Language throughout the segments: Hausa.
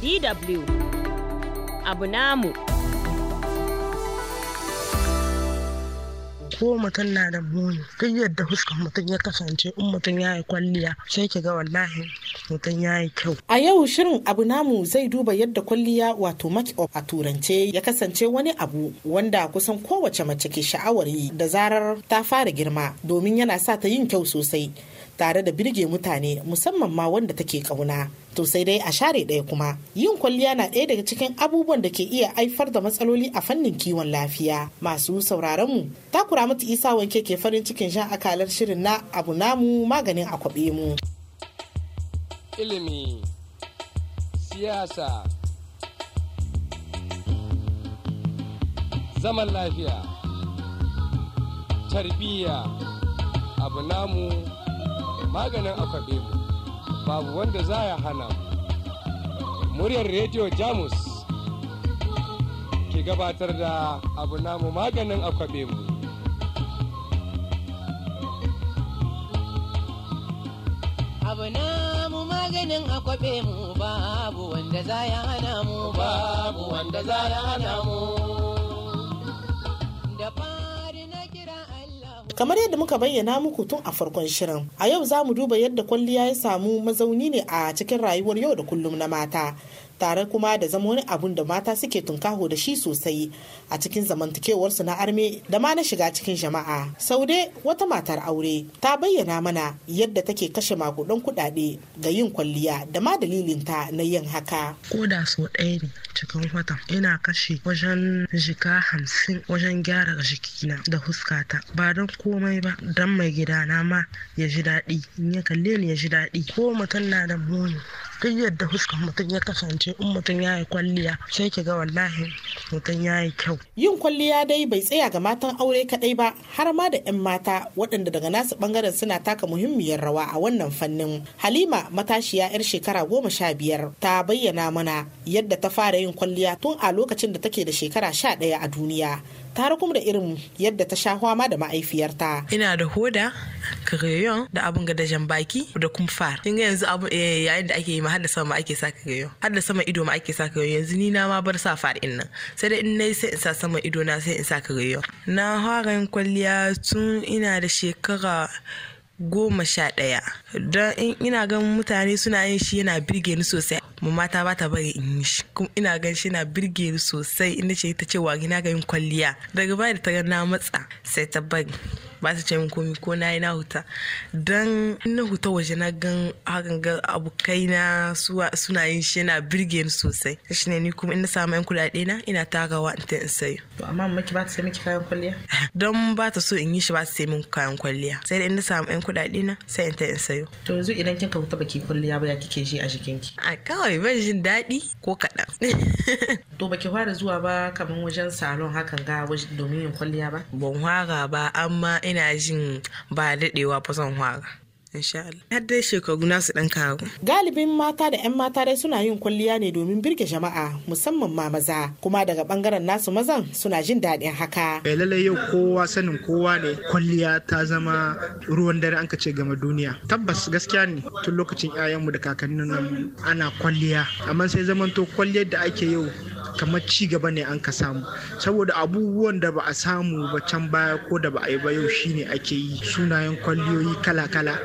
DW abu namu. ko mutum na da muni duk yadda fuskar mutum ya kasance in mutum ya yi kwalliya sai ki ga wallahi mutum ya yi kyau. A yau shirin abu namu zai duba yadda kwalliya wato make-up a turance ya kasance wani abu wanda kusan kowace mace ke sha'awar yi da zarar ta fara girma domin yana sa ta yin kyau sosai. tare da birge mutane musamman ma wanda take kauna to sai dai a share ɗaya kuma yin kwalliya na ɗaya daga cikin abubuwan da ke iya haifar da matsaloli a fannin kiwon lafiya masu sauraron mu takura mata isa wanke ke farin cikin shan akalar shirin na abu namu maganin kwabe mu ilimi siyasa zaman lafiya tarbiyya abu namu maganin akwabe mu babu wanda za ya hana mu muryar rediyo jamus ke gabatar da abu namu maganin akwabe mu abu namu maganin akwabe mu babu wanda za ya hana mu babu wanda za ya hana mu kamar yadda muka bayyana muku tun a farkon shirin a yau za mu duba yadda kwalliya ya samu mazauni ne a cikin rayuwar yau da kullum na mata tare kuma da zama wani abun da mata suke tunkaho da shi sosai a cikin zamantakewarsu na arme da ma na shiga cikin jama'a saude wata matar aure ta bayyana mana yadda take kashe makudan kuɗaɗe ga yin kwalliya da ma dalilinta na yin haka ko da so ɗaya ne cikin watan ina kashe wajen jika hamsin wajen gyara jikina da huskata ba don komai ba don mai gidana ma ya ji daɗi in ya kalle ni ya ji daɗi ko mutum na da muni duk yadda fuskan mutum ya kasance in mutum ya yi kwalliya sai ki ga wallahi mutum ya yi kyau yin kwalliya dai bai tsaya ga matan aure kaɗai ba har ma da 'yan mata waɗanda daga nasu ɓangaren suna taka muhimmiyar rawa a wannan fannin halima matashiya 'yar shekara goma sha biyar ta bayyana mana yadda ta fara yin kwalliya tun a lokacin da take da shekara sha ɗaya a duniya Ta rukum da irin yadda ta sha fama da ma'aifiyarta. Ina da hoda, kagayon da abin ga dajan baki da kumfar. Kin ga yanzu abu eh, yayin da ake yi ma haddasa ma ake sa kagayon. Haddasa sama ido ma ake sa kagayon. Yanzu ni na ma bar sa far din nan. Sai da in nayi sai in sa sama ido na sai in sa kagayon. Na fara kwalliya tun ina da shekara goma sha ɗaya. Don ina ganin mutane suna yin shi yana birge ni sosai. mu mata ba ta bari in yi shi kuma ina gan shi na birge ni sosai inda ce ta ce wa gina ga yin kwalliya daga baya da ta ga na matsa sai ta bari ba su ce min komi ko na yi na huta don na huta waje na gan hakan ga abokai na suna yin shi na birge ni sosai shi ne ni kuma ina samu yan kudade na ina tagawa in ta in sayo to amma maki ba ta sai miki kayan kwalliya don ba ta so in yi shi ba ta sai min kayan kwalliya sai da ina samu yan kudade na sai in ta in sayo to yanzu idan kin huta baki kwalliya ba ya kike shi a jikinki a kawai ban jin daɗi ko kaɗan to baki fara zuwa ba kamar wajen salon hakan ga domin yin kwalliya ba ban fara ba amma ina jin ba daɗewa fa zan fara har dai shekaru nasu ɗan karu. Galibin mata da 'yan mata dai suna yin kwalliya ne domin birge jama'a musamman ma maza kuma daga bangaren nasu mazan suna jin daɗin haka. Bai eh, yau kowa sanin kowa ne kwalliya ta zama ruwan dare an ce gama duniya. Tabbas gaskiya ne tun lokacin 'ya'yanmu da kakanninmu ana kwalliya amma sai zamanto kwalliyar da ake yau kamar ci gaba ne an ka samu saboda abubuwan da ba a samu ba can baya ko da ba a yi ba yau shine ake yi sunayen kwalliyoyi kala-kala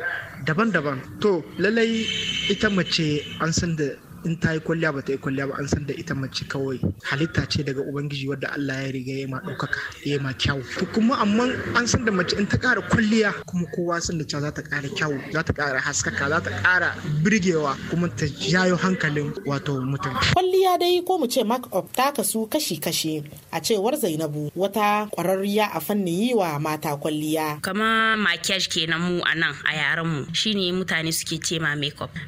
daban-daban to lallai ita mace an san da in ta yi kwalliya ba ta yi kwalliya ba an san da ita mace kawai halitta ce daga ubangiji wadda Allah ya riga ya ma ɗaukaka ya ma kyau' to kuma amma an san da mace in ta ƙara kwalliya kuma kowa san da cewa za ta ƙara kyau, za ta ƙara haskaka za ta ƙara birgewa kuma ta jayo hankalin wato mutum kwalliya dai ko mu ce make up ta kasu kashi-kashi a cewar Zainabu wata kwararriya a fannin yi wa mata kwalliya kama makiyaji kenan mu a nan a yaren mu shine mutane suke ce ma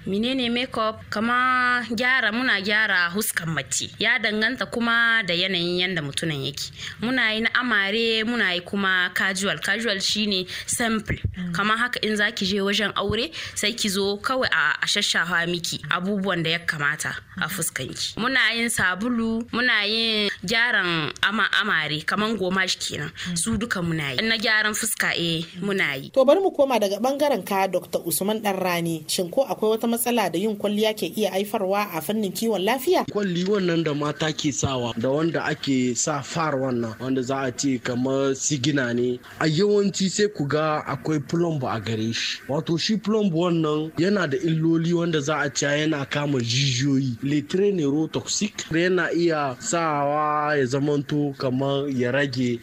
menene makeup kama gyara muna gyara huskan mace ya danganta kuma da yanayin yanda mutunan yake muna yi na amare muna yi kuma casual casual shine simple mm. kamar haka in zaki je wajen aure sai ki zo kawai a shashafa miki abubuwan da ya kamata a fuskanki muna yin sabulu muna yin gyaran ama amare kaman goma shi kenan hmm. su duka muna yi na gyaran fuska eh muna yi to bari mu koma daga bangaren ka Dr. Usman dan rani shin ko akwai wata matsala da yin kwalliya ke iya haifarwa a fannin kiwon lafiya kwalli wannan da mata ke sawa da wanda ake sa far wannan wanda za a ce kamar sigina ne a yawanci sai ku ga akwai plumbo a gare shi wato shi plumbo wannan yana da illoli wanda za a ce yana kama jijiyoyi litire neurotoxic yana iya sawa ya zamanto kamar ya rage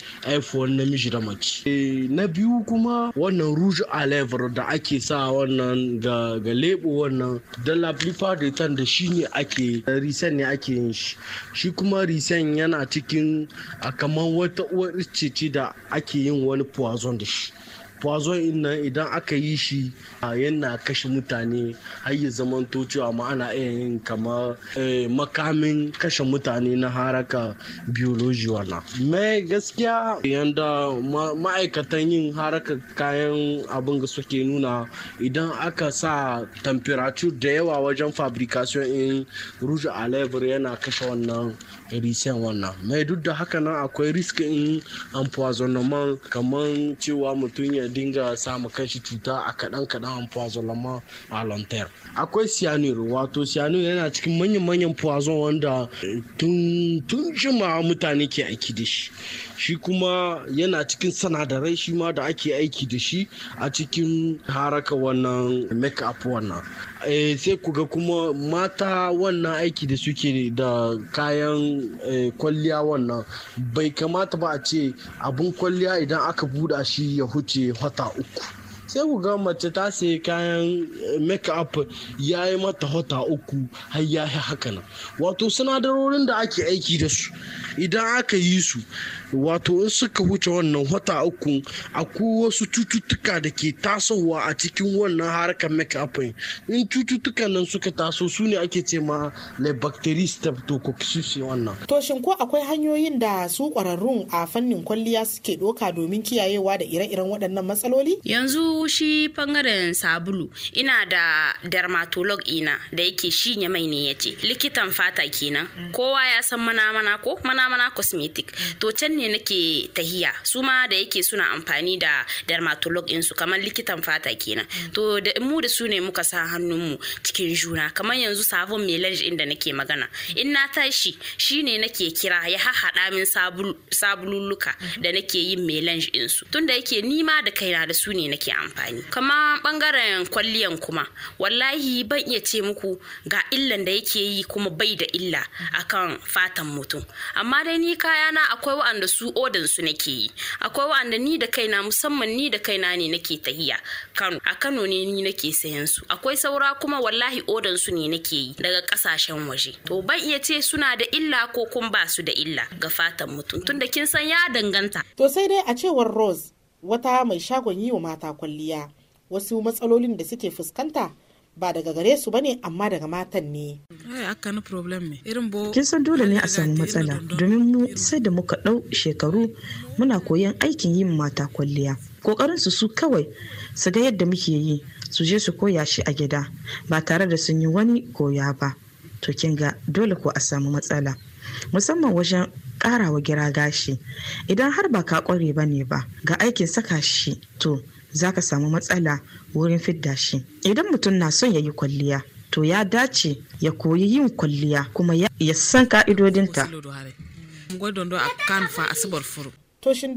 na namiji da mace eh, na biyu kuma wannan rouge a lever da ake sa wannan ga lebo wannan da lablifa da da shi ne ake risen ne ake yin shi shi kuma risen yana cikin a kamar wata uwar ce da ake yin wani poison da shi kwazo inna idan aka yi shi a yana kashe mutane har ya zaman cewa ma ana iya yin kamar eh, makamin kashe mutane na haraka biyoloji wannan mai gaskiya yanda ma'aikatan yin haraka kayan abin da suke nuna idan aka sa temperature da yawa wajen fabrication in rouge a yana kashe wannan risen wannan mai duk da haka nan akwai risk in empoisonnement kamar cewa mutum ya dinga samun kanshi cuta a kaɗan kaɗan an poison a lantar. akwai cyanur wato cyanur yana cikin manyan manyan poison wanda tun tun jima mutane ke aiki da shi shi kuma yana cikin sanadarai shi ma da ake aiki da shi a cikin haraka wannan make-up wannan eh, sai ku kuma mata wannan aiki da suke da kayan eh, kwalliya wannan bai kamata ba a ce abin kwalliya idan aka buɗa shi ya huce wata uku sai ku ga mace ta sayi kayan eh, make-up ya yi mata hota uku har ya yi haka nan wato sinadarorin da ake aiki da su idan aka yi su wato in suka wuce wannan hota uku akwai wasu cututtuka da ke tasowa a cikin wannan harkar make-up in cututtukan nan suka taso su ne ake ce ma le bacteria wannan to ko akwai hanyoyin da su kwararrun a fannin kwalliya suke doka domin kiyayewa da ire-iren waɗannan matsaloli yanzu shi bangaren sabulu ina da dermatolog ina da yake shi mai ne yace likitan fata kenan mm. kowa ya san mana mana ko mana mana cosmetic mm. to can ne nake tahiya su ma da yake suna amfani da dermatolog insu kamar likitan fata kenan mm. to da mu da su ne muka sa mu cikin juna kamar yanzu sabon melange da nake magana in na tashi shi ne nake kira ya haɗa min sabululluka mm-hmm. da nake yin melange insu tunda yake nima da kaina da su ne nake amfani kama bangaren kwalliyan kuma wallahi ban iya ce muku ga illan da yake yi kuma bai da illa akan fatan mutum amma dai ni kayana akwai wa'anda su odansu su nake yi akwai wa'anda ni da kaina musamman ni da kaina ne nake tahiya kano a kano ne ni nake sayan su akwai saura kuma wallahi odansu su ne nake yi daga kasashen waje to ban iya ce suna da illa ko kuma ba su da illa ga fatan mutum tunda kin san ya danganta to sai dai a cewar rose wata mai shagon yi wa mata kwalliya wasu matsalolin da suke fuskanta ba daga gare su bane amma daga matan ne. Kin san dole ne a samu matsala domin mu sai da muka ɗau shekaru muna koyan aikin yin mata kwalliya. Kokarin su su kawai su ga yadda muke yi su je su koya shi a gida ba tare da sun yi wani koya ba. To kin ga dole ko a samu matsala. Musamman wajen kara wa gira gashi idan har ba ka kware ba ne ba ga aikin saka shi to za ka samu matsala wurin fidda shi idan mutum na son ya yi kwalliya to ya dace ya koyi yin kwalliya kuma ya san ka'idodinta to shin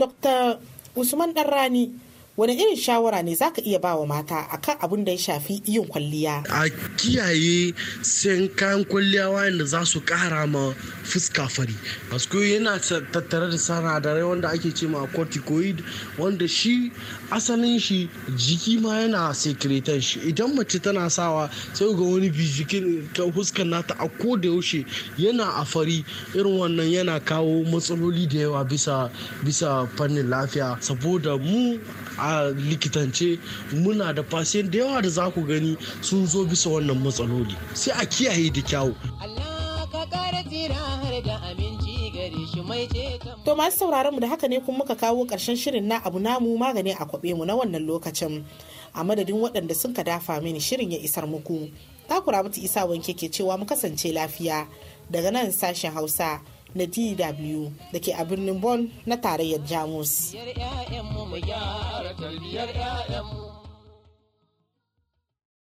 usman rani wani irin shawara ne zaka iya ba wa mata akan abin da ya shafi yin kwalliya a kiyaye sayan kayan kwalliya wayanda za su kara ma fuska fari asko yana tattare da sanadarai wanda ake ce ma corticoid wanda shi asalin shi jiki ma yana secretan shi idan mace tana sawa sai ga wani bijikin fuska nata a ko da yaushe yana a fari irin wannan yana kawo matsaloli da yawa bisa bisa fannin lafiya saboda mu a a likitance muna da fasiyan da yawa da za ku gani sun zo bisa wannan matsaloli sai a kiyaye da kyawu. To masu sauraron mu da haka ne kun muka kawo ƙarshen shirin na abu namu magani a kwaɓe mu na wannan lokacin. A madadin waɗanda sun ka dafa mini shirin ya isar muku. Takura mutu isa wanke ke cewa mu kasance lafiya daga nan sashen Hausa. na DW da ke a birnin Bonn na tarayyar Jamus.